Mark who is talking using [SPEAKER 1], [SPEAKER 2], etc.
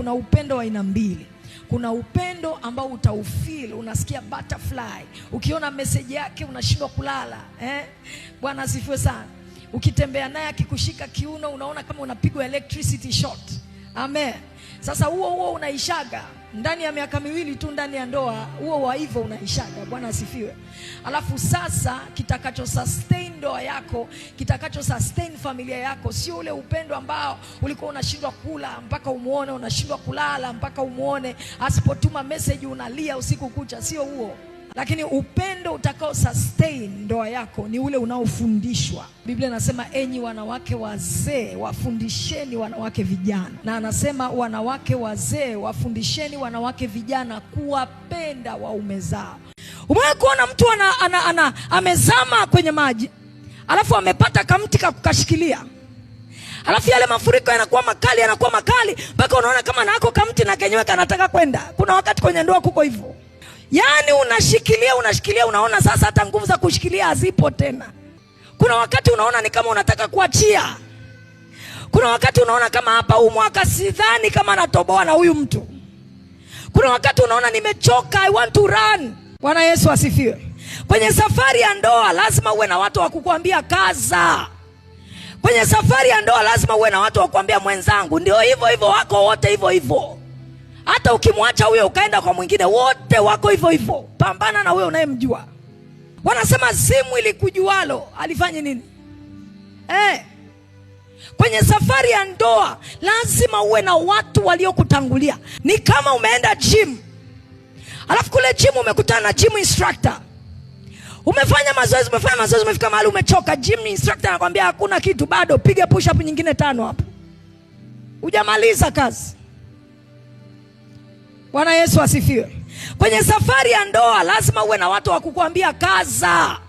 [SPEAKER 1] kuna upendo wa aina mbili. Kuna upendo ambao utaufil unasikia butterfly, ukiona meseji yake unashindwa kulala eh? Bwana asifiwe sana. Ukitembea naye akikushika kiuno, unaona kama unapigwa electricity shot. Amen. Sasa huo huo unaishaga ndani ya miaka miwili tu ndani ya ndoa huo wa hivyo unaishaga. Bwana asifiwe. Alafu sasa kitakacho sustain ndoa yako, kitakacho sustain familia yako sio ule upendo ambao ulikuwa unashindwa kula mpaka umuone, unashindwa kulala mpaka umuone, asipotuma message unalia usiku kucha, sio huo. Lakini upendo utakao sustain ndoa yako ni ule unaofundishwa. Biblia inasema enyi wanawake wazee wafundisheni wanawake vijana, na anasema wanawake wazee wafundisheni wanawake vijana kuwapenda waume zao. Umewahi kuona mtu ana, ana, ana, amezama kwenye maji alafu amepata kamti kakukashikilia alafu yale mafuriko yanakuwa makali yanakuwa makali mpaka unaona kama nako kamti na kenyewe kanataka kwenda. Kuna wakati kwenye ndoa kuko hivyo. Yaani unashikilia unashikilia, unaona sasa hata nguvu za kushikilia hazipo tena. Kuna wakati unaona ni kama unataka kuachia, kuna wakati unaona kama hapa, huu mwaka sidhani kama natoboa na huyu mtu. Kuna wakati unaona nimechoka, I want to run. Bwana Yesu asifiwe. Kwenye safari ya ndoa lazima uwe na watu wa kukuambia kaza. Kwenye safari ya ndoa lazima uwe na watu wa kukuambia mwenzangu, ndio hivyo hivyo, wako wote hivyo hivyo hata ukimwacha huyo ukaenda kwa mwingine, wote wako hivyo hivyo. Pambana na huyo unayemjua. Wanasema zimu ilikujualo alifanye nini? Eh, kwenye safari ya ndoa lazima uwe na watu waliokutangulia. Ni kama umeenda gym, alafu kule gym umekutana na gym instructor, umefanya mazoezi, umefanya mazoezi, umefika mahali umechoka. Gym instructor anakwambia hakuna kitu bado, piga push up nyingine tano hapo, hujamaliza kazi. Bwana Yesu asifiwe. Kwenye safari ya ndoa lazima uwe na watu wa kukuambia kaza.